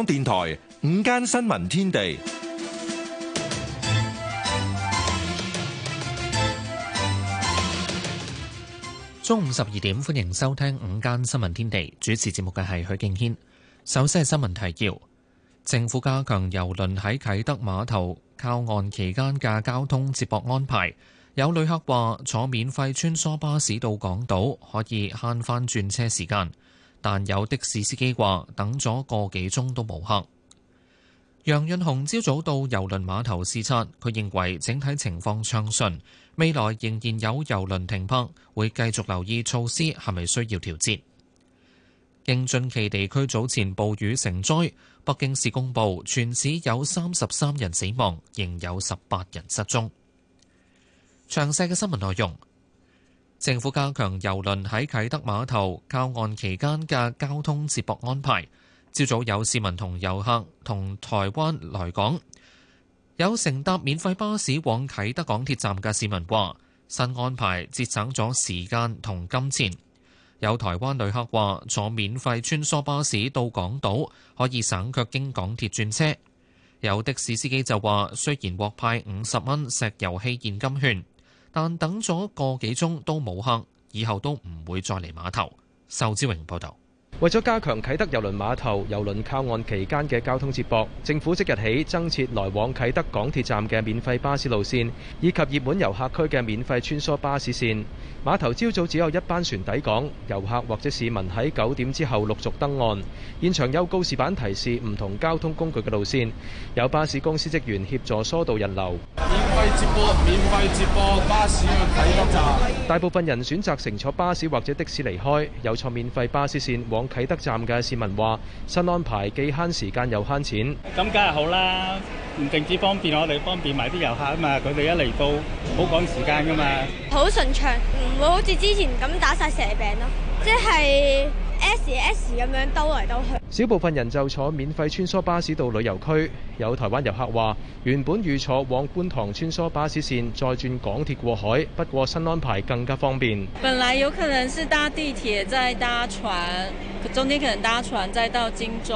港電台午間新聞天地，中午十二點，歡迎收聽午間新聞天地。主持節目嘅係許敬軒。首先係新聞提要：政府加強郵輪喺啟德碼頭靠岸期間嘅交通接駁安排。有旅客話坐免費穿梭巴士到港島，可以慳返轉車時間。但有的士司機話等咗個幾鐘都冇客。楊潤雄朝早到郵輪碼頭視察，佢認為整體情況暢順，未來仍然有郵輪停泊，會繼續留意措施係咪需要調節。京津冀地區早前暴雨成災，北京市公佈全市有三十三人死亡，仍有十八人失蹤。詳細嘅新聞內容。政府加強郵輪喺啟德碼頭靠岸期間嘅交通接駁安排。朝早有市民同遊客同台灣來港，有乘搭免費巴士往啟德港鐵站嘅市民話：新安排節省咗時間同金錢。有台灣旅客話：坐免費穿梭巴士到港島可以省卻經港鐵轉車。有的士司機就話：雖然獲派五十蚊石油氣現金券。但等咗個幾鐘都冇客，以後都唔會再嚟碼頭。仇志榮報道。為咗加強啟德郵輪碼頭郵輪靠岸期間嘅交通接駁，政府即日起增設來往啟德港鐵站嘅免費巴士路線，以及熱門遊客區嘅免費穿梭巴士線。碼頭朝早只有一班船抵港，遊客或者市民喺九點之後陸續登岸。現場有告示板提示唔同交通工具嘅路線，有巴士公司職員協助疏導人流。免費接駁，免費接駁巴士去啟德站。大部分人選擇乘坐巴士或者的士離開，有坐免費巴士線往。啟德站嘅市民話：新安排既慳時間又慳錢，咁梗係好啦。唔淨止方便我哋，方便埋啲遊客啊嘛。佢哋一嚟到，好趕時間噶嘛。好順暢，唔會好似之前咁打晒蛇餅咯，即係。S S 咁樣兜來兜去，少部分人就坐免費穿梭巴士到旅遊區。有台灣遊客話，原本預坐往觀塘穿梭巴士線，再轉港鐵過海，不過新安排更加方便。本來有可能是搭地鐵再搭船，中間可能搭船再到金鐘。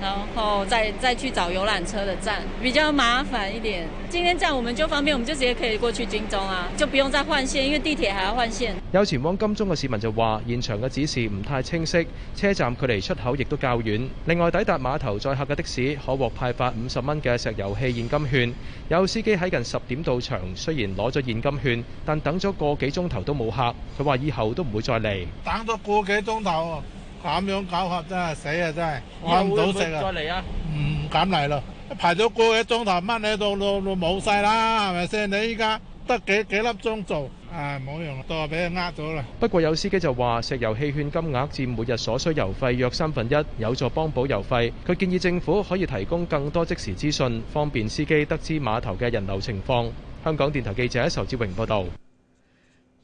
然後再再去找遊覽車的站比較麻煩一點。今天這樣我們就方便，我們就直接可以過去金鐘啊，就不用再換線，因為地鐵還要換線。有前往金鐘嘅市民就話，現場嘅指示唔太清晰，車站距離出口亦都較遠。另外抵達碼頭載客嘅的士可獲派發五十蚊嘅石油氣現金券。有司機喺近十點到場，雖然攞咗現金券，但等咗個幾鐘頭都冇客。佢話以後都唔會再嚟。等咗個幾鐘頭。咁樣搞法真係死啊！真係揾唔到食啊！唔敢嚟咯，一排咗個幾鐘頭，乜嘢都都都冇曬啦，係咪先？你依家得幾幾粒鐘做，誒冇用，都係俾佢呃咗啦。不過有司機就話，石油氣券金額佔每日所需油費約三分一，有助幫補油費。佢建議政府可以提供更多即時資訊，方便司機得知碼頭嘅人流情況。香港電台記者仇志榮報道。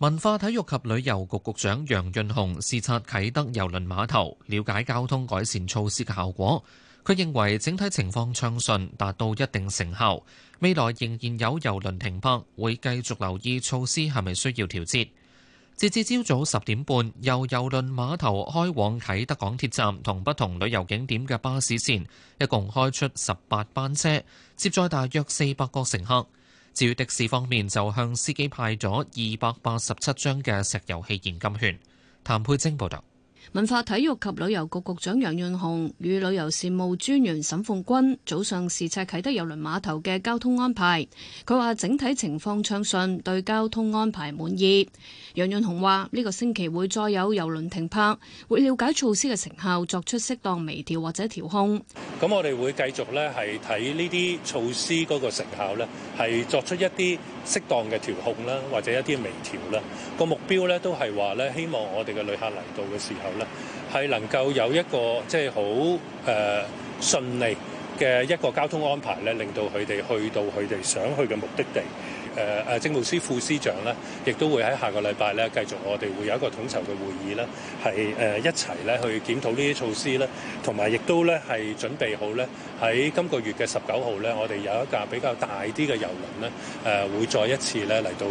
文化體育及旅遊局局長楊潤雄視察啟德郵輪碼頭，了解交通改善措施嘅效果。佢認為整體情況暢順，達到一定成效。未來仍然有郵輪停泊，會繼續留意措施係咪需要調節。截至朝早十點半，由郵輪碼頭開往啟德港鐵站同不同旅遊景點嘅巴士線，一共開出十八班車，接載大約四百個乘客。至於的士方面，就向司機派咗二百八十七張嘅石油氣現金券。譚佩晶報道。文化體育及旅遊局局長楊潤雄與旅遊事務專員沈鳳君早上視察啟德郵輪碼頭嘅交通安排，佢話整體情況暢順，對交通安排滿意。楊潤雄話呢個星期會再有郵輪停泊，會了解措施嘅成效，作出適當微調或者調控。咁我哋會繼續咧係睇呢啲措施嗰個成效咧，係作出一啲適當嘅調控啦，或者一啲微調啦。個目標咧都係話咧，希望我哋嘅旅客嚟到嘅時候係能夠有一個即係好誒順利嘅一個交通安排咧，令到佢哋去到佢哋想去嘅目的地。誒誒，政務司副司長咧，亦都會喺下個禮拜咧，繼續我哋會有一個統籌嘅會議咧，係誒一齊咧去檢討呢啲措施咧，同埋亦都咧係準備好咧，喺今個月嘅十九號咧，我哋有一架比較大啲嘅郵輪咧，誒會再一次咧嚟到誒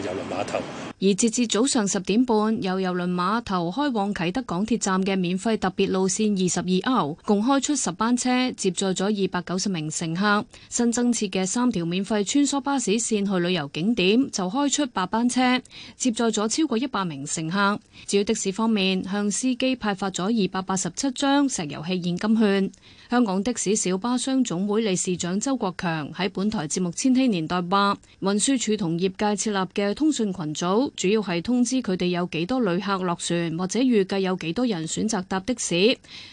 郵輪碼頭。而截至早上十點半，由郵輪碼頭開往啟德港鐵站嘅免費特別路線二十二 R 共開出十班車，接載咗二百九十名乘客。新增設嘅三條免費穿梭巴士線去旅遊景點，就開出八班車，接載咗超過一百名乘客。至於的士方面，向司機派發咗二百八十七張石油氣現金券。香港的士小巴商總會理事長周國強喺本台節目《千禧年代》話，運輸署同業界設立嘅通訊群組，主要係通知佢哋有幾多旅客落船，或者預計有幾多人選擇搭的士。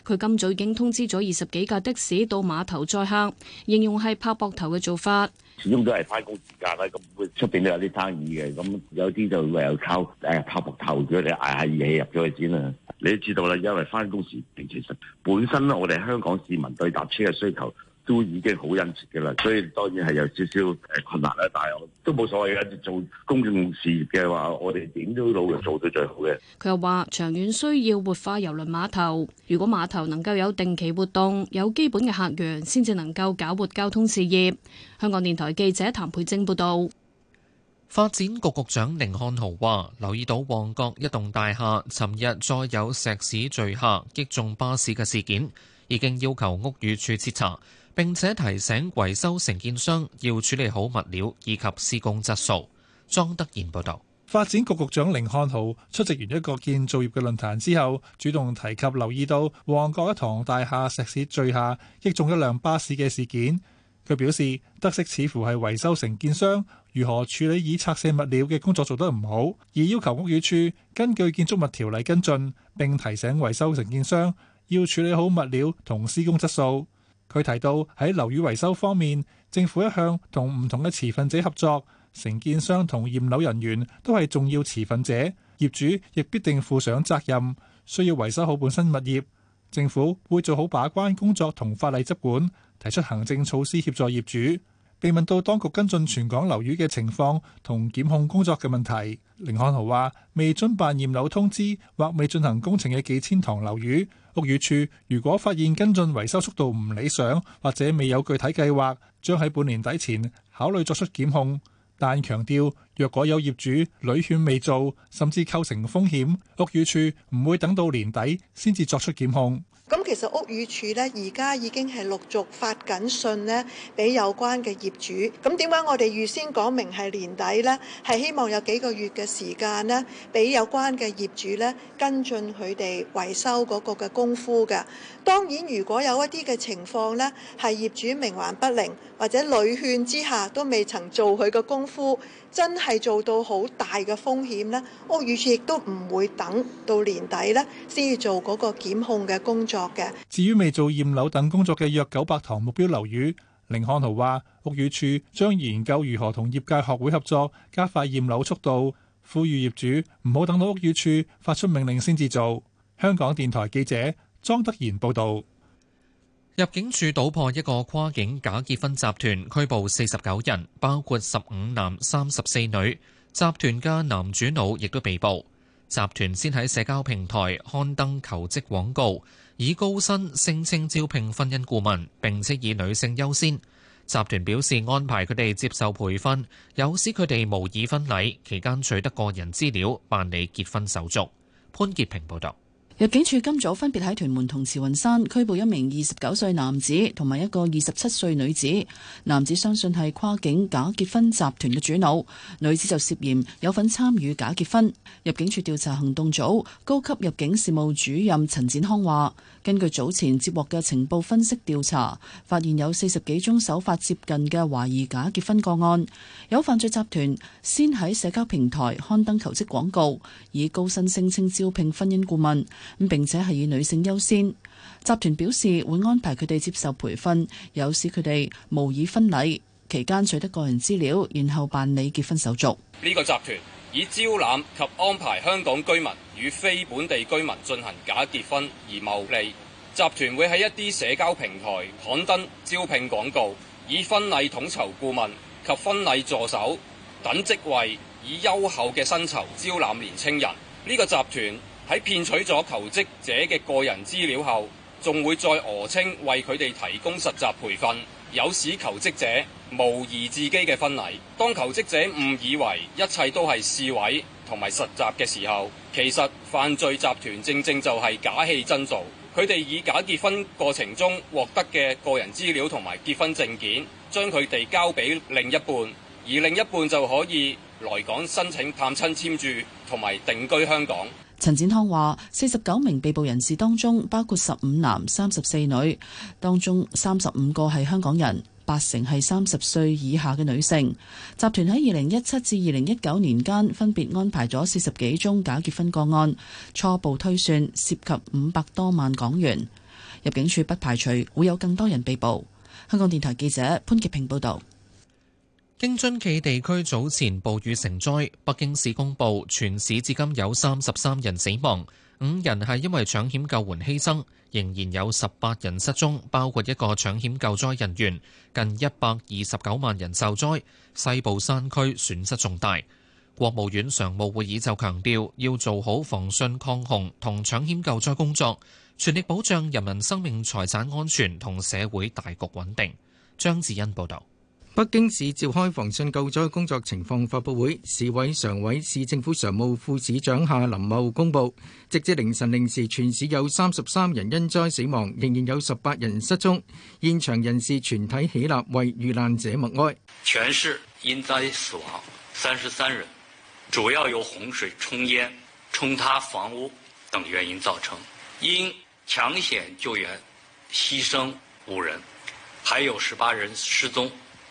佢今早已經通知咗二十幾架的士到碼頭載客，形容係拍膊頭嘅做法。始終都係翻工時間啦，咁會出邊都有啲生意嘅，咁有啲就唯有靠誒靠搏頭咗，你捱下熱入咗去先啦。你都知道啦，因為翻工時段其實本身咧，我哋香港市民對搭車嘅需求。都已經好殷切嘅啦，所以當然係有少少誒困難啦，但係都冇所謂嘅。做公眾事業嘅話，我哋點都努力做到最好嘅。佢又話：長遠需要活化郵輪碼頭，如果碼頭能夠有定期活動，有基本嘅客源，先至能夠搞活交通事業。香港電台記者譚佩晶報道。發展局局長寧漢豪話：留意到旺角一棟大廈，尋日再有石屎墜下擊中巴士嘅事件，已經要求屋宇署徹查。並且提醒維修承建商要處理好物料以及施工質素。莊德賢報導，發展局局長甯漢豪出席完一個建造業嘅論壇之後，主動提及留意到旺角一幢大廈石屎墜下，擊中一輛巴士嘅事件。佢表示，得悉似乎係維修承建商如何處理已拆卸物料嘅工作做得唔好，而要求屋宇署根據建築物條例跟進，並提醒維修承建商要處理好物料同施工質素。佢提到喺樓宇維修方面，政府一向同唔同嘅持份者合作，承建商同驗樓人員都係重要持份者，業主亦必定負上責任，需要維修好本身物業。政府會做好把關工作同法例執管，提出行政措施協助業主。被問到當局跟進全港樓宇嘅情況同檢控工作嘅問題，凌漢豪話：未遵辦驗樓通知或未進行工程嘅幾千幢樓宇，屋宇署如果發現跟進維修速度唔理想或者未有具體計劃，將喺半年底前考慮作出檢控。但強調，若果有業主屢勸未做，甚至構成風險，屋宇署唔會等到年底先至作出檢控。咁其實屋宇署呢，而家已經係陸續發緊信呢，俾有關嘅業主。咁點解我哋預先講明係年底呢？係希望有幾個月嘅時間呢，俾有關嘅業主呢跟進佢哋維修嗰個嘅功夫㗎。當然，如果有一啲嘅情況呢，係業主冥頑不靈，或者屢勸之下都未曾做佢嘅功夫。真係做到好大嘅風險咧，屋宇署亦都唔會等到年底咧先至做嗰個檢控嘅工作嘅。至於未做驗樓等工作嘅約九百幢目標樓宇，寧漢豪話：屋宇署將研究如何同業界學會合作，加快驗樓速度，呼籲業主唔好等到屋宇署發出命令先至做。香港電台記者莊德賢報導。入境處搗破一個跨境假結婚集團，拘捕四十九人，包括十五男三十四女。集團嘅男主腦亦都被捕。集團先喺社交平台刊登求職廣告，以高薪聲稱招聘婚姻顧問，並且以女性優先。集團表示安排佢哋接受培訓，有時佢哋模擬婚禮，期間取得個人資料，辦理結婚手續。潘潔平報導。入境處今早分別喺屯門同慈雲山拘捕一名二十九歲男子同埋一個二十七歲女子，男子相信係跨境假結婚集團嘅主腦，女子就涉嫌有份參與假結婚。入境處調查行動組高級入境事務主任陳展康話，根據早前接獲嘅情報分析調查，發現有四十幾宗手法接近嘅懷疑假結婚個案，有犯罪集團先喺社交平台刊登求職廣告，以高薪聲稱招聘婚姻顧問。咁並且係以女性優先。集團表示會安排佢哋接受培訓，有時佢哋模擬婚禮期間取得個人資料，然後辦理結婚手續。呢個集團以招攬及安排香港居民與非本地居民進行假結婚而牟利。集團會喺一啲社交平台刊登招聘廣告，以婚禮統籌顧問及婚禮助手等職位，以優厚嘅薪酬招攬年輕人。呢個集團，喺騙取咗求職者嘅個人資料後，仲會再訛稱為佢哋提供實習培訓，誘使求職者無疑自己嘅婚禮。當求職者誤以為一切都係試委同埋實習嘅時候，其實犯罪集團正正就係假戲真做。佢哋以假結婚過程中獲得嘅個人資料同埋結婚證件，將佢哋交俾另一半，而另一半就可以來港申請探親簽注同埋定居香港。陳展康話，四十九名被捕人士當中，包括十五男、三十四女，當中三十五個係香港人，八成係三十歲以下嘅女性。集團喺二零一七至二零一九年間分別安排咗四十幾宗假結婚個案，初步推算涉及五百多萬港元。入境處不排除會有更多人被捕。香港電台記者潘潔平報道。京津冀地區早前暴雨成災，北京市公布全市至今有三十三人死亡，五人係因為搶險救援犧牲，仍然有十八人失蹤，包括一個搶險救災人員，近一百二十九萬人受災，西部山區損失重大。國務院常務會議就強調要做好防汛抗洪同搶險救災工作，全力保障人民生命財產安全同社會大局穩定。張智恩報導。北京市召開防汛救災工作情況發佈會，市委常委、市政府常務副市長夏林茂公布，直至凌晨零時，全市有三十三人因災死亡，仍然有十八人失蹤。現場人士全體起立為遇難者默哀。全市因災死亡三十三人，主要由洪水沖淹、沖塌房屋等原因造成。因搶險救援犧牲五人，還有十八人失蹤。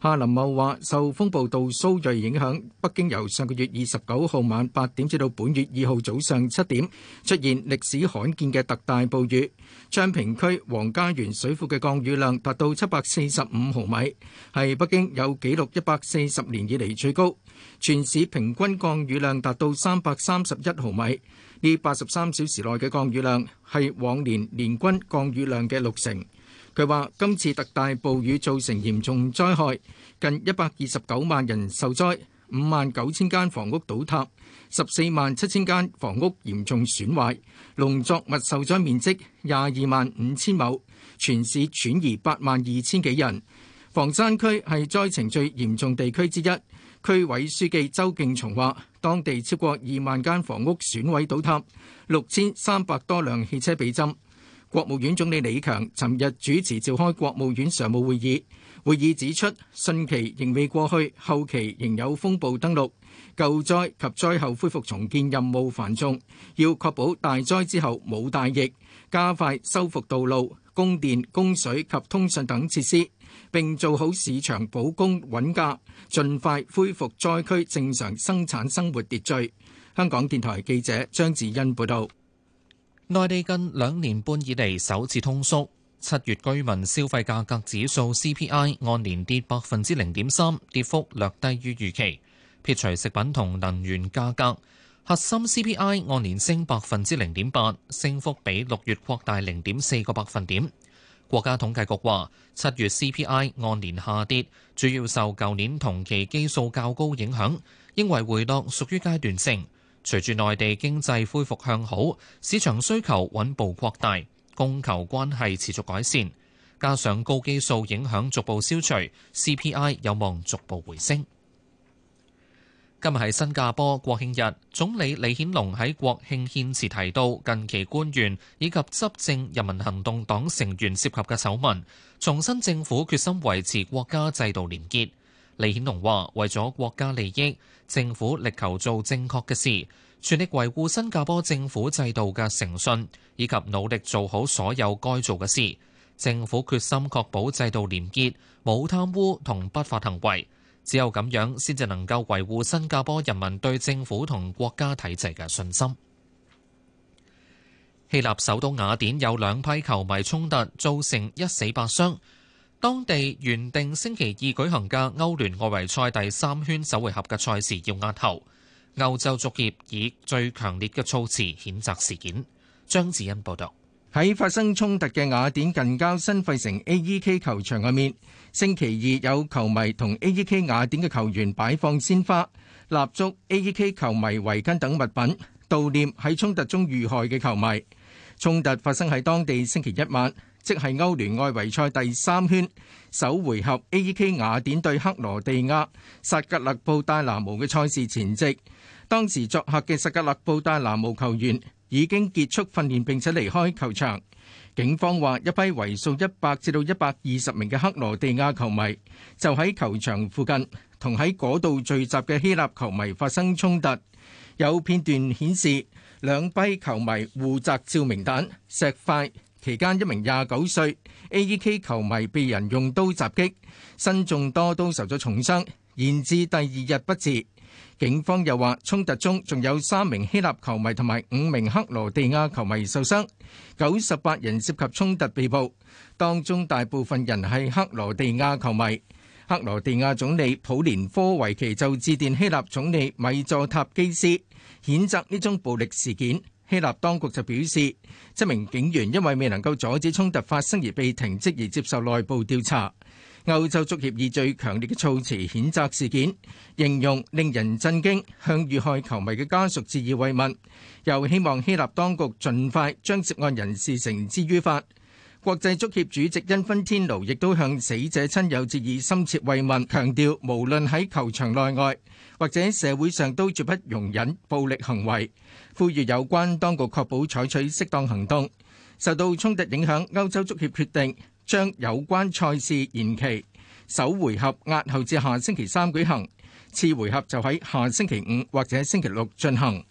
夏林茂話：受風暴杜蘇芮影響，北京由上個月二十九號晚八點至到本月二號早上七點出現歷史罕見嘅特大暴雨。昌平區王家園水庫嘅降雨量達到七百四十五毫米，係北京有記錄一百四十年以嚟最高。全市平均降雨量達到三百三十一毫米，呢八十三小時內嘅降雨量係往年年均降雨量嘅六成。佢話：今次特大暴雨造成嚴重災害，近一百二十九萬人受災，五萬九千間房屋倒塌，十四萬七千間房屋嚴重損壞，農作物受災面積廿二萬五千畝，全市轉移八萬二千幾人。房山區係災情最嚴重地區之一，區委書記周敬松話：當地超過二萬間房屋損毀倒塌，六千三百多輛汽車被浸。國務院總理李強，尋日主持召開國務院常務會議。會議指出，汛期仍未過去，後期仍有風暴登陸，救災及災後恢復重建任務繁重，要確保大災之後冇大疫，加快修復道路、供電供水及通訊等設施，並做好市場保供穩價，盡快恢復災區正常生產生活秩序。香港電台記者張志欣報道。內地近兩年半以嚟首次通縮，七月居民消費價格指數 CPI 按年跌百分之零點三，跌幅略低於預期。撇除食品同能源價格，核心 CPI 按年升百分之零點八，升幅比六月擴大零點四個百分點。國家統計局話，七月 CPI 按年下跌，主要受舊年同期基數較高影響，因為回落屬於階段性。隨住內地經濟恢復向好，市場需求穩步擴大，供求關係持續改善，加上高基數影響逐步消除，CPI 有望逐步回升。今日係新加坡國慶日，總理李顯龍喺國慶獻辭提到，近期官員以及執政人民行動黨成員涉及嘅醜聞，重申政府決心維持國家制度廉潔。李顯龍話：為咗國家利益，政府力求做正確嘅事，全力維護新加坡政府制度嘅誠信，以及努力做好所有該做嘅事。政府決心確保制度廉潔，冇貪污同不法行為，只有咁樣先至能夠維護新加坡人民對政府同國家體制嘅信心。希臘首都雅典有兩批球迷衝突，造成一死八傷。當地原定星期二舉行嘅歐聯外圍賽第三圈首回合嘅賽事要押後。歐洲足協以最強烈嘅措辭譴責事件。張子欣報道，喺發生衝突嘅雅典近郊新費城 A.E.K 球場外面，星期二有球迷同 A.E.K 雅典嘅球員擺放鮮花、蠟燭、A.E.K 球迷圍巾等物品，悼念喺衝突中遇害嘅球迷。衝突發生喺當地星期一晚。即係歐聯外圍賽第三圈首回合，AEK 雅典對克羅地亞薩格勒布戴拿姆嘅賽事前夕，當時作客嘅薩格勒布戴拿姆球員已經結束訓練並且離開球場。警方話，一批為數一百至到一百二十名嘅克羅地亞球迷就喺球場附近同喺嗰度聚集嘅希臘球迷發生衝突，有片段顯示兩批球迷互擲照明彈、石塊。期間，一名廿九歲 AEK 球迷被人用刀襲擊，身中多刀，受咗重傷，延至第二日不治。警方又話，衝突中仲有三名希臘球迷同埋五名克羅地亞球迷受傷，九十八人涉及衝突被捕，當中大部分人係克羅地亞球迷。克羅地亞總理普連科維奇就致電希臘總理米佐塔基斯，譴責呢宗暴力事件。希臘當局就表示，一名警員因為未能夠阻止衝突發生而被停職而接受內部調查。歐洲足協以最強烈嘅措辭譴責事件，形容令人震驚，向遇害球迷嘅家屬致以慰問，又希望希臘當局盡快將涉案人士繩之於法。國際足協主席因芬天奴亦都向死者親友致以深切慰問，強調無論喺球場內外，或者社會上都絕不容忍暴力行為，呼籲有關當局確保採取適當行動。受到衝突影響，歐洲足協決定將有關賽事延期，首回合押後至下星期三舉行，次回合就喺下星期五或者星期六進行。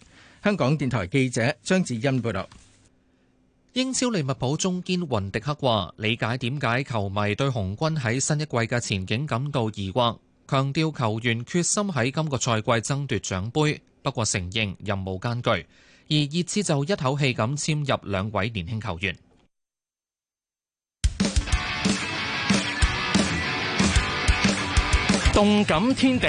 香港電台記者張子欣報道。英超利物浦中堅雲迪克話：理解點解球迷對紅軍喺新一季嘅前景感到疑惑，強調球員決心喺今個賽季爭奪獎盃。不過承認任務艱巨，而熱刺就一口氣咁簽入兩位年輕球員。動感天地。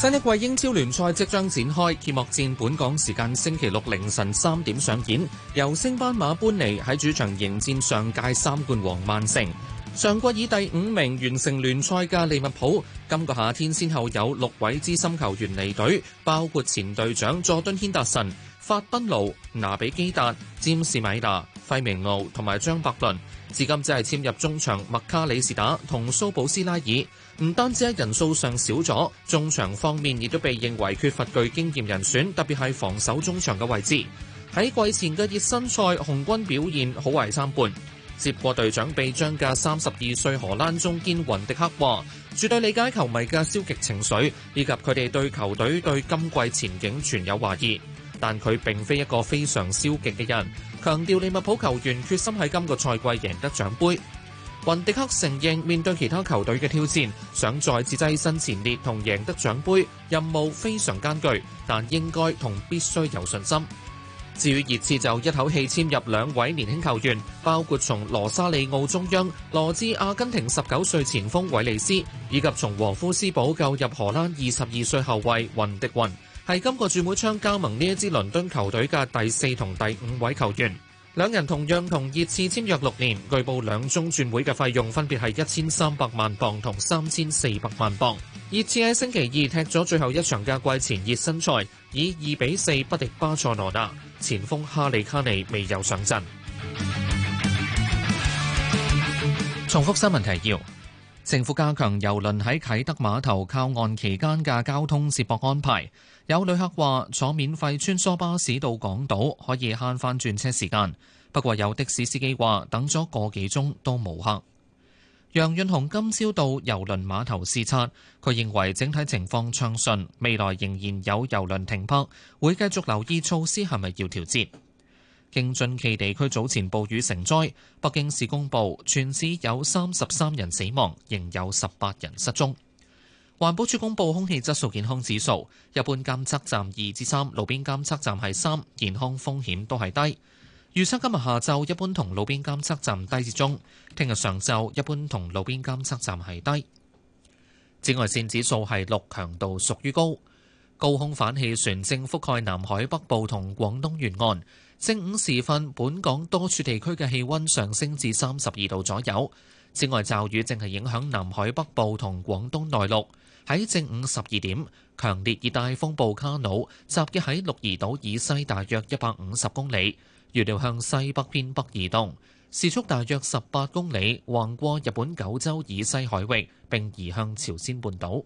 新一季英超聯賽即將展開，揭幕戰本港時間星期六凌晨三點上演，由升班馬般尼喺主場迎戰上屆三冠王曼城。上季以第五名完成聯賽嘅利物浦，今個夏天先後有六位資深球員離隊，包括前隊長佐敦軒達臣、法賓奴、拿比基達、詹士米拿、費明奴同埋張伯倫。至今只係簽入中場麥卡里士打同蘇保斯拉爾。唔單止係人數上少咗，中場方面亦都被認為缺乏具經驗人選，特別係防守中場嘅位置。喺季前嘅熱身賽，紅軍表現好壞參半。接過隊長臂章嘅三十二歲荷蘭中堅雲迪克話，絕對理解球迷嘅消極情緒，以及佢哋對球隊對今季前景存有懷疑。但佢並非一個非常消極嘅人，強調利物浦球員決心喺今個賽季贏得獎杯。雲迪克承認面對其他球隊嘅挑戰，想再次躋身前列同贏得獎杯，任務非常艱巨，但應該同必須有信心。至於熱刺就一口氣簽入兩位年輕球員，包括從羅沙里奧中央羅致阿根廷十九歲前鋒韋利斯，以及從禾夫斯堡救入荷蘭二十二歲後衛雲迪雲，係今個轉會窗加盟呢一支倫敦球隊嘅第四同第五位球員。兩人同樣同熱刺簽約六年，據報兩宗轉會嘅費用分別係一千三百萬鎊同三千四百萬鎊。熱刺喺星期二踢咗最後一場嘅季前熱身賽，以二比四不敵巴塞羅那。前鋒哈利卡尼未有上陣。重複新聞提要：政府加強郵輪喺啟德碼頭靠岸期間嘅交通接駁安排。有旅客話坐免費穿梭巴士到港島可以慳翻轉車時間，不過有的士司機話等咗個幾鐘都冇客。楊潤雄今朝到郵輪碼頭視察，佢認為整體情況暢順，未來仍然有郵輪停泊，會繼續留意措施係咪要調節。京津冀地區早前暴雨成災，北京市公布全市有三十三人死亡，仍有十八人失蹤。環保署公布空氣質素健康指數，一般監測站二至三，3, 路邊監測站係三，健康風險都係低。預測今日下晝一般同路邊監測站低至中，聽日上晝一般同路邊監測站係低。紫外線指數係六，強度屬於高。高空反氣旋正覆蓋南海北部同廣東沿岸，正午時分本港多處地區嘅氣温上升至三十二度左右。紫外驟雨正係影響南海北部同廣東內陸。喺正午十二點，強烈熱帶風暴卡努襲擊喺鹿兒島以西大約一百五十公里，預料向西北偏北移動，時速大約十八公里，橫過日本九州以西海域並移向朝鮮半島。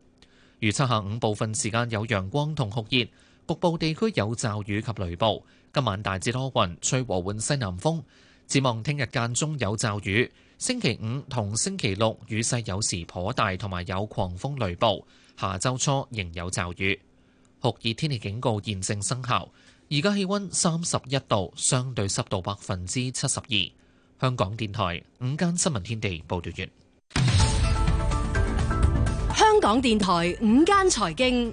預測下午部分時間有陽光同酷熱，局部地區有驟雨及雷暴。今晚大致多雲，吹和緩西南風。展望聽日間中有驟雨。星期五同星期六雨勢有時頗大，同埋有狂風雷暴。下周初仍有驟雨。酷熱天氣警告現正生效。而家氣溫三十一度，相對濕度百分之七十二。香港電台午間新聞天地報道完。香港電台午間財經，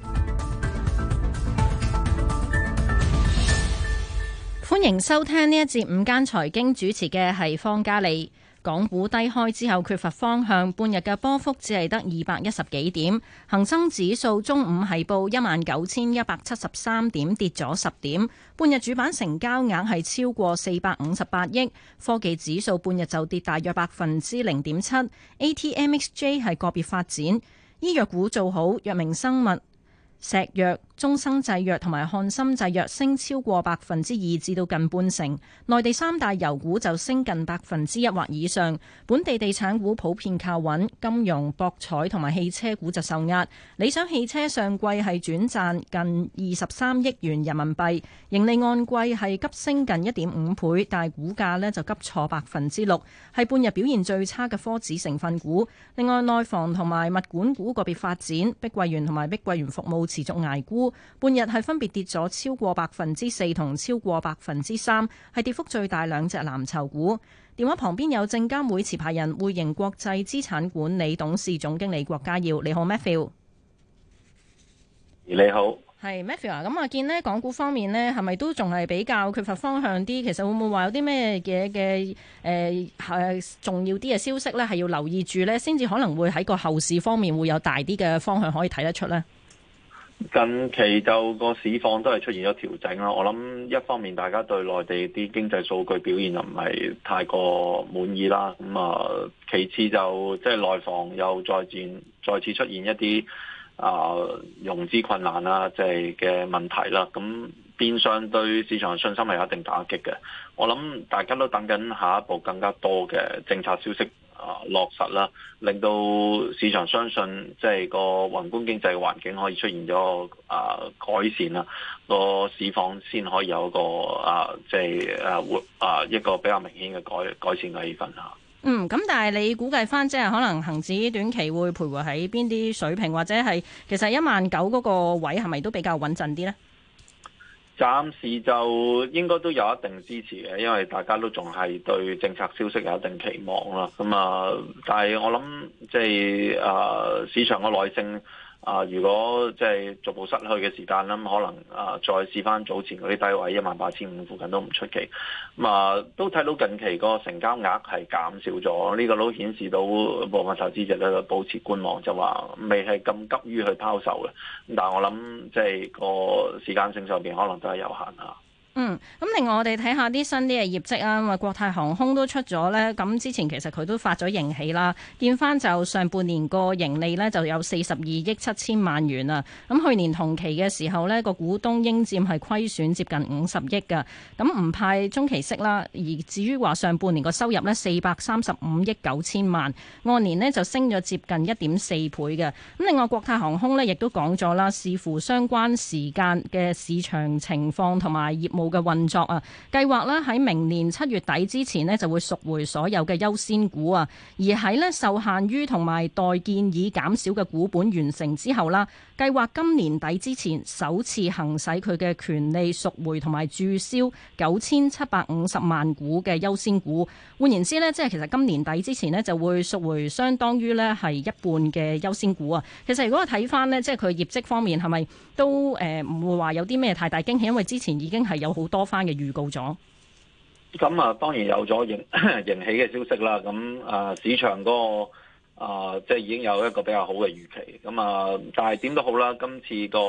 歡迎收聽呢一節午間財經，主持嘅係方嘉莉。港股低開之後缺乏方向，半日嘅波幅只係得二百一十幾點。恒生指數中午係報一萬九千一百七十三點，跌咗十點。半日主板成交額係超過四百五十八億。科技指數半日就跌大約百分之零點七。ATMXJ 係個別發展，醫藥股做好，藥明生物、石藥、中生製藥同埋漢森製藥升超過百分之二至到近半成，內地三大油股就升近百分之一或以上，本地地產股普遍靠穩，金融、博彩同埋汽車股就受壓。理想汽車上季係轉賺近二十三億元人民幣，盈利按季係急升近一點五倍，但係股價呢就急挫百分之六，係半日表現最差嘅科指成分股。另外，內房同埋物管股個別發展，碧桂園同埋碧桂園服務。持續捱沽，半日係分別跌咗超過百分之四同超過百分之三，係跌幅最大兩隻藍籌股。電話旁邊有證監會持牌人匯盈國際資產管理董事總經理郭家耀，你好，Matthew。你好，係 Matthew 啊。咁啊，見呢港股方面呢，係咪都仲係比較缺乏方向啲？其實會唔會話有啲咩嘢嘅誒係重要啲嘅消息呢？係要留意住呢，先至可能會喺個後市方面會有大啲嘅方向可以睇得出呢。近期就個市況都係出現咗調整啦，我諗一方面大家對內地啲經濟數據表現又唔係太過滿意啦，咁啊其次就即係內房又再戰再次出現一啲啊、呃、融資困難啊，即係嘅問題啦，咁變相對市場信心係有一定打擊嘅。我諗大家都等緊下一步更加多嘅政策消息。啊落實啦，令到市場相信即係、就是、個宏觀經濟環境可以出現咗啊改善啦，個市況先可以有一個啊即係啊活啊一個比較明顯嘅改改善嘅氣氛嚇。嗯，咁但係你估計翻即係可能恒指短期會徘徊喺邊啲水平，或者係其實一萬九嗰個位係咪都比較穩陣啲咧？暫時就應該都有一定支持嘅，因為大家都仲係對政策消息有一定期望啦。咁啊，但係我諗即係呃，市場嘅耐性。啊、呃！如果即係逐步失去嘅時間啦、嗯，可能啊、呃、再試翻早前嗰啲低位一萬八千五附近都唔出奇。啊都睇到近期個成交額係減少咗，呢、這個都顯示到部分投資者咧保持觀望就，就話未係咁急於去拋售嘅。咁但係我諗即係個時間性上邊可能都係有限啊。嗯，咁另外我哋睇下啲新啲嘅業績啊，咁啊國泰航空都出咗咧，咁之前其實佢都發咗盈喜啦，見翻就上半年個盈利咧就有四十二億七千萬元啊，咁去年同期嘅時候咧個股東應佔係虧損接近五十億噶，咁唔派中期息啦，而至於話上半年個收入咧四百三十五億九千萬按年咧就升咗接近一點四倍嘅，咁另外國泰航空咧亦都講咗啦，視乎相關時間嘅市場情況同埋業務。嘅運作啊，計劃啦，喺明年七月底之前呢，就會贖回所有嘅優先股啊，而喺呢受限於同埋代建已減少嘅股本完成之後啦，計劃今年底之前首次行使佢嘅權利贖回同埋註銷九千七百五十萬股嘅優先股。換言之呢，即係其實今年底之前呢，就會贖回相當於呢係一半嘅優先股啊。其實如果睇翻，呢，即係佢業績方面係咪都誒唔會話有啲咩太大驚喜？因為之前已經係有。好多番嘅預告咗，咁啊當然有咗盈 喜嘅消息啦。咁啊市場嗰、嗰個啊即係已經有一個比較好嘅預期。咁啊，但係點都好啦，今次個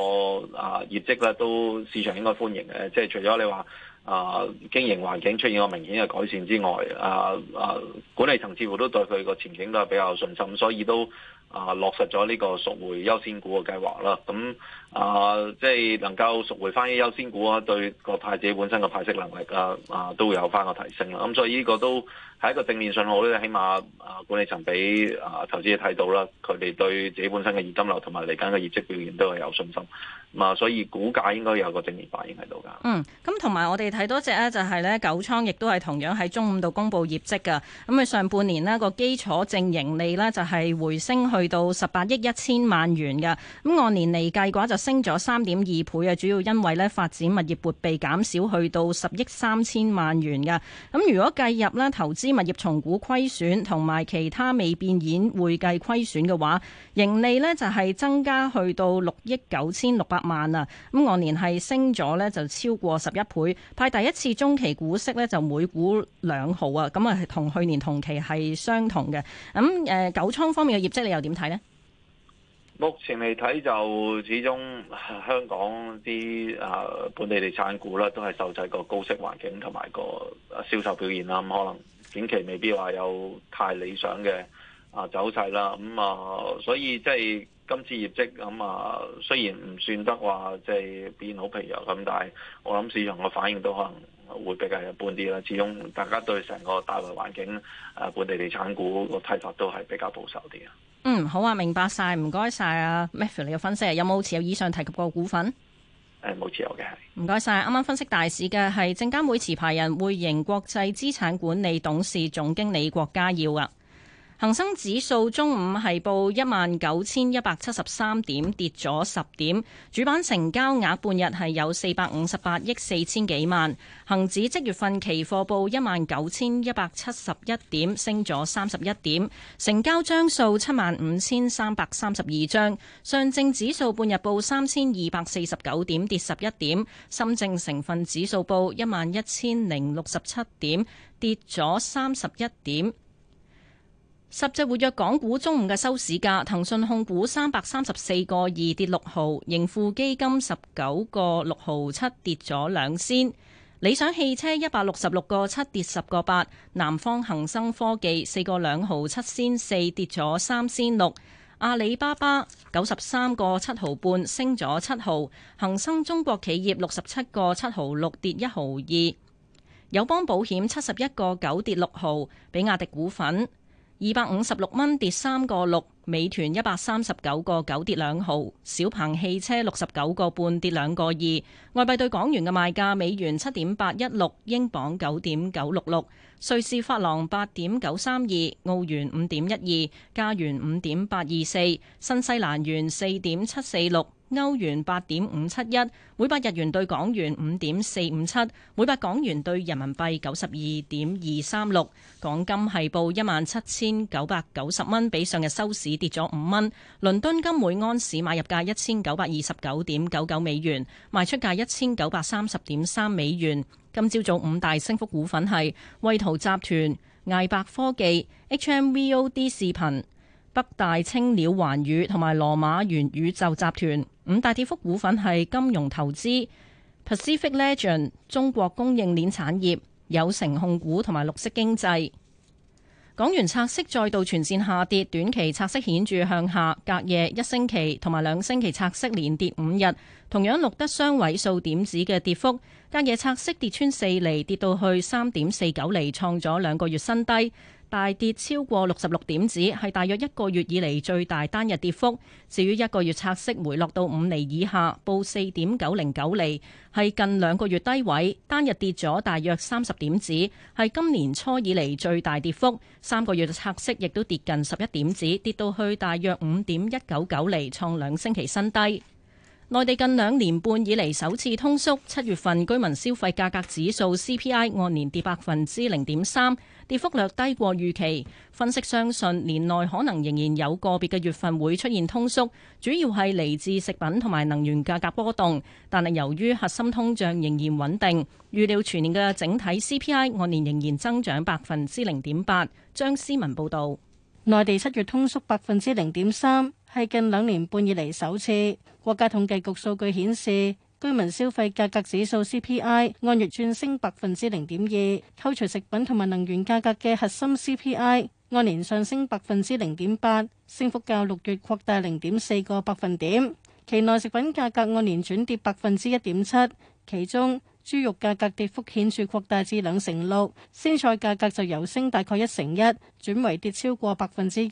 啊業績咧都市場應該歡迎嘅。即係除咗你話啊經營環境出現個明顯嘅改善之外，啊啊管理層似乎都對佢個前景都係比較順心，所以都啊落實咗呢個贖回優先股嘅計劃啦。咁。嗯啊、呃，即係能夠贖回翻啲優先股啊，對個派自己本身嘅派息能力啊，啊、呃、都會有翻個提升啦。咁、嗯、所以呢個都係一個正面信號咧，起碼啊管理層俾啊投資者睇到啦，佢哋對自己本身嘅現金流同埋嚟緊嘅業績表現都係有信心。咁、嗯、啊，所以股價應該有個正面反應喺度噶。嗯，咁同埋我哋睇多隻咧就係咧九倉，亦都係同樣喺中午度公布業績噶。咁佢上半年呢、呢個基礎淨盈利咧就係、是、回升去到十八億一千萬元噶。咁、嗯、按年嚟計嘅話就升咗三點二倍啊，主要因為咧發展物業撥備減少去到十億三千萬元嘅，咁如果計入咧投資物業重估虧損同埋其他未變現會計虧損嘅話，盈利呢就係增加去到六億九千六百萬啊，咁按年係升咗呢就超過十一倍，派第一次中期股息呢就每股兩毫啊，咁啊同去年同期係相同嘅。咁、嗯、誒九倉方面嘅業績你又點睇呢？目前嚟睇就，始終香港啲啊本地地產股啦，都係受制個高息環境同埋個銷售表現啦。咁可能短期未必話有太理想嘅啊走勢啦。咁啊，所以即係今次業績咁啊，雖然唔算得話即係變好疲弱咁，但係我諗市場嘅反應都可能會比較一般啲啦。始終大家對成個大圍環境啊本地地產股個睇法都係比較保守啲啊。嗯，好啊，明白晒，唔該晒啊，Matthew 你嘅分析，有冇持有以上提及過股份？誒，冇持有嘅，唔該晒。啱啱分析大市嘅係證監會持牌人匯盈國際資產管理董事總經理郭家耀啊。恒生指數中午係報一萬九千一百七十三點，跌咗十點。主板成交額半日係有四百五十八億四千幾萬。恒指即月份期貨報一萬九千一百七十一點，升咗三十一點。成交張數七萬五千三百三十二張。上證指數半日報三千二百四十九點，跌十一點。深證成分指數報一萬一千零六十七點，跌咗三十一點。十隻活躍港股中午嘅收市價，騰訊控股三百三十四個二跌六毫，盈富基金十九個六毫七跌咗兩仙，理想汽車一百六十六個七跌十個八，南方恒生科技四個兩毫七仙四跌咗三仙六，阿里巴巴九十三個七毫半升咗七毫，恒生中國企業六十七個七毫六跌一毫二，友邦保險七十一個九跌六毫，比亞迪股份，二百五十六蚊跌三個六，美團一百三十九個九跌兩毫，小鵬汽車六十九個半跌兩個二，外幣對港元嘅賣價，美元七點八一六，英鎊九點九六六，瑞士法郎八點九三二，澳元五點一二，加元五點八二四，新西蘭元四點七四六。歐元八點五七一，每百日元對港元五點四五七，每百港元對人民幣九十二點二三六。港金係報一萬七千九百九十蚊，比上日收市跌咗五蚊。倫敦金每安士買入價一千九百二十九點九九美元，賣出價一千九百三十點三美元。今朝早五大升幅股份係惠圖集團、艾伯科技、HMVOD 視頻、北大青鳥環宇同埋羅馬元宇宙集團。五大跌幅股份係金融投資 Pacific Legend、中國供應鏈產業、友成控股同埋綠色經濟。港元拆息再度全線下跌，短期拆息顯著向下，隔夜一星期同埋兩星期拆息連跌五日，同樣錄得雙位數點子嘅跌幅。隔夜拆息跌穿四厘，跌到去三點四九厘，創咗兩個月新低。大跌超過六十六點子，係大約一個月以嚟最大單日跌幅。至於一個月拆息回落到五厘以下，報四點九零九厘，係近兩個月低位，單日跌咗大約三十點子，係今年初以嚟最大跌幅。三個月嘅拆息亦都跌近十一點子，跌到去大約五點一九九厘，創兩星期新低。內地近兩年半以嚟首次通縮，七月份居民消費價格指數 CPI 按年跌百分之零點三，跌幅略低過預期。分析相信年內可能仍然有個別嘅月份會出現通縮，主要係嚟自食品同埋能源價格波動。但係由於核心通脹仍然穩定，預料全年嘅整體 CPI 按年仍然增長百分之零點八。張思文報道，內地七月通縮百分之零點三係近兩年半以嚟首次。國家統計局數據顯示，居民消費價格指數 CPI 按月轉升百分之零點二，扣除食品同埋能源價格嘅核心 CPI 按年上升百分之零點八，升幅較六月擴大零點四個百分點。期內食品價格按年轉跌百分之一點七，其中豬肉價格跌幅顯著擴大至兩成六，鮮菜價格就由升大概一成一轉為跌超過百分之一，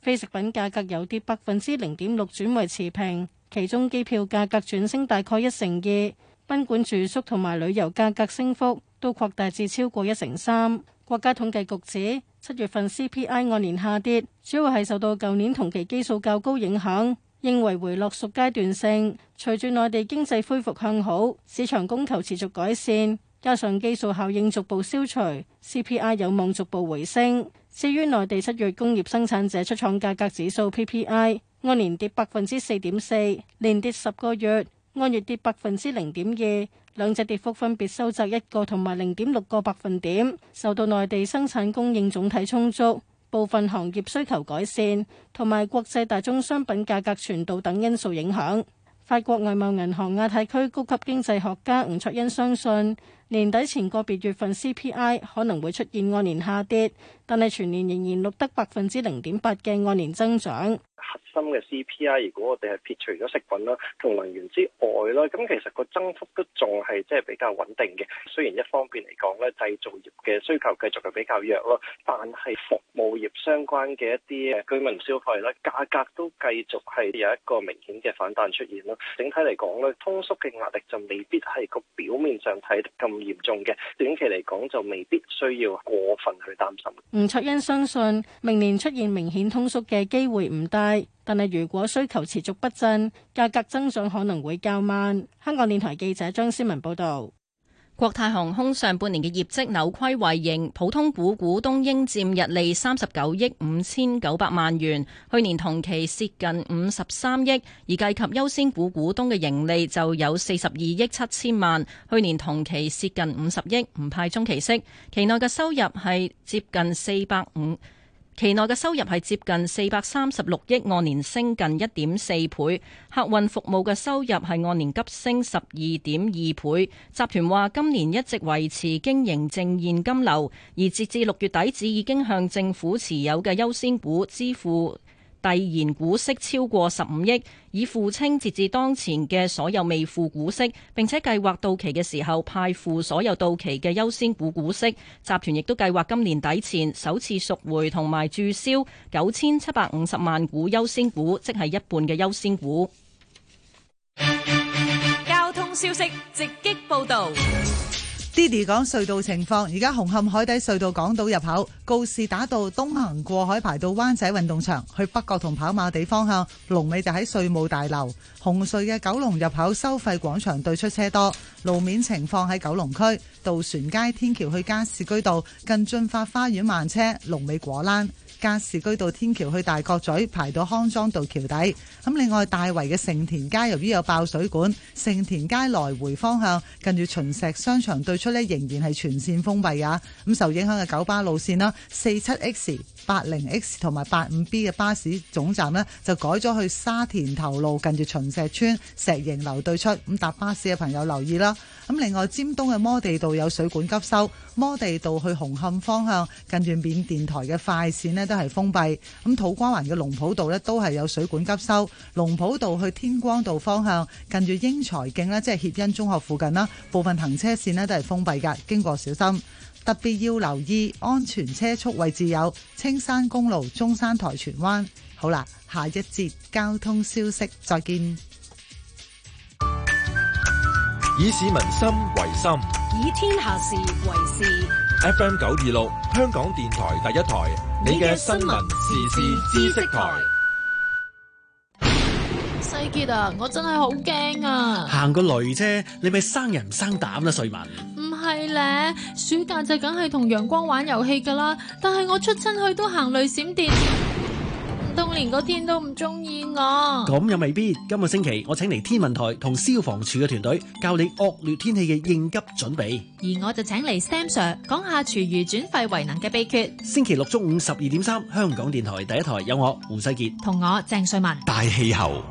非食品價格由跌百分之零點六，轉為持平。其中機票價格轉升大概一成二，賓館住宿同埋旅遊價格升幅都擴大至超過一成三。國家統計局指，七月份 CPI 按年下跌，主要係受到舊年同期基數較高影響，認為回落屬階段性。隨住內地經濟恢復向好，市場供求持續改善，加上基數效應逐步消除，CPI 有望逐步回升。至於內地七月工業生產者出廠價格指數 PPI，按年跌百分之四點四，連跌十個月，按月跌百分之零點二，兩隻跌幅分別收窄一個同埋零點六個百分點，受到內地生產供應總體充足、部分行業需求改善同埋國際大宗商品價格傳導等因素影響，法國外貿銀行亞太區高級經濟學家吳卓恩相信，年底前個別月份 CPI 可能會出現按年下跌，但係全年仍然錄得百分之零點八嘅按年增長。核心嘅 CPI 如果我哋係撇除咗食品啦同能源之外啦，咁其實個增幅都仲係即係比較穩定嘅。雖然一方面嚟講咧，製造業嘅需求繼續係比較弱咯，但係服務業相關嘅一啲居民消費咧，價格都繼續係有一個明顯嘅反彈出現咯。整體嚟講咧，通縮嘅壓力就未必係個表面上睇得咁嚴重嘅，短期嚟講就未必需要過分去擔心。吳卓欣相信明年出現明顯通縮嘅機會唔大，但係如果需求持續不振，價格增長可能會較慢。香港電台記者張思文報道。國泰航空上半年嘅業績扭虧為盈，普通股股東應佔日利三十九億五千九百萬元，去年同期蝕近五十三億；而計及優先股股東嘅盈利就有四十二億七千萬，去年同期蝕近五十億，唔派中期息，期內嘅收入係接近四百五。期內嘅收入係接近四百三十六億，按年升近一點四倍。客運服務嘅收入係按年急升十二點二倍。集團話今年一直維持經營淨現金流，而截至六月底止，已經向政府持有嘅優先股支付遞延股息超過十五億，已付清截至當前嘅所有未付股息，並且計劃到期嘅時候派付所有到期嘅優先股股息。集團亦都計劃今年底前首次贖回同埋注銷九千七百五十萬股優先股，即係一半嘅優先股。交通消息直擊報道。Diddy 講隧道情況，而家紅磡海底隧道港島入口告士打道東行過海排到灣仔運動場，去北角同跑馬地方向，龍尾就喺稅務大樓。紅隧嘅九龍入口收費廣場對出車多，路面情況喺九龍區渡船街天橋去加士居道近駿發花園慢車，龍尾果欄。加士居道天橋去大角咀排到康莊道橋底，咁另外大圍嘅盛田街由於有爆水管，盛田街來回方向近住秦石商場對出呢，仍然係全線封閉啊！咁受影響嘅九巴路線啦，四七 X。八零 X 同埋八五 B 嘅巴士總站呢，就改咗去沙田頭路近住秦石邨石榮樓對出，咁搭巴士嘅朋友留意啦。咁另外尖東嘅摩地道有水管急收，摩地道去紅磡方向近住緬甸台嘅快線呢都係封閉。咁土瓜灣嘅農圃道呢都係有水管急收，農圃道去天光道方向近住英才徑呢即係協恩中學附近啦，部分行車線呢都係封閉㗎，經過小心。特別要留意安全車速位置有青山公路中山台荃灣。好啦，下一節交通消息再見。以市民心為心，以天下事為事。FM 九二六，香港電台第一台，你嘅新聞時事知識台。世杰啊，我真係好驚啊！行個雷啫，你咪生人唔生膽啦，瑞文。唔係咧，暑假就梗係同陽光玩遊戲噶啦。但係我出親去都行雷閃電，當連個天都唔中意我。咁又未必。今個星期我請嚟天文台同消防處嘅團隊，教你惡劣天氣嘅應急準備。而我就請嚟 Sam Sir 講下廚餘轉廢為能嘅秘訣。星期六中午十二點三，香港電台第一台有我胡世杰同我鄭瑞文大氣候。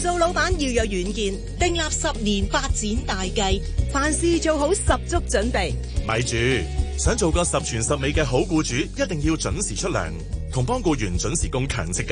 做老闆要有遠見，訂立十年發展大計，凡事做好十足準備。咪住，想做個十全十美嘅好僱主，一定要準時出糧，同幫僱員準時供強食。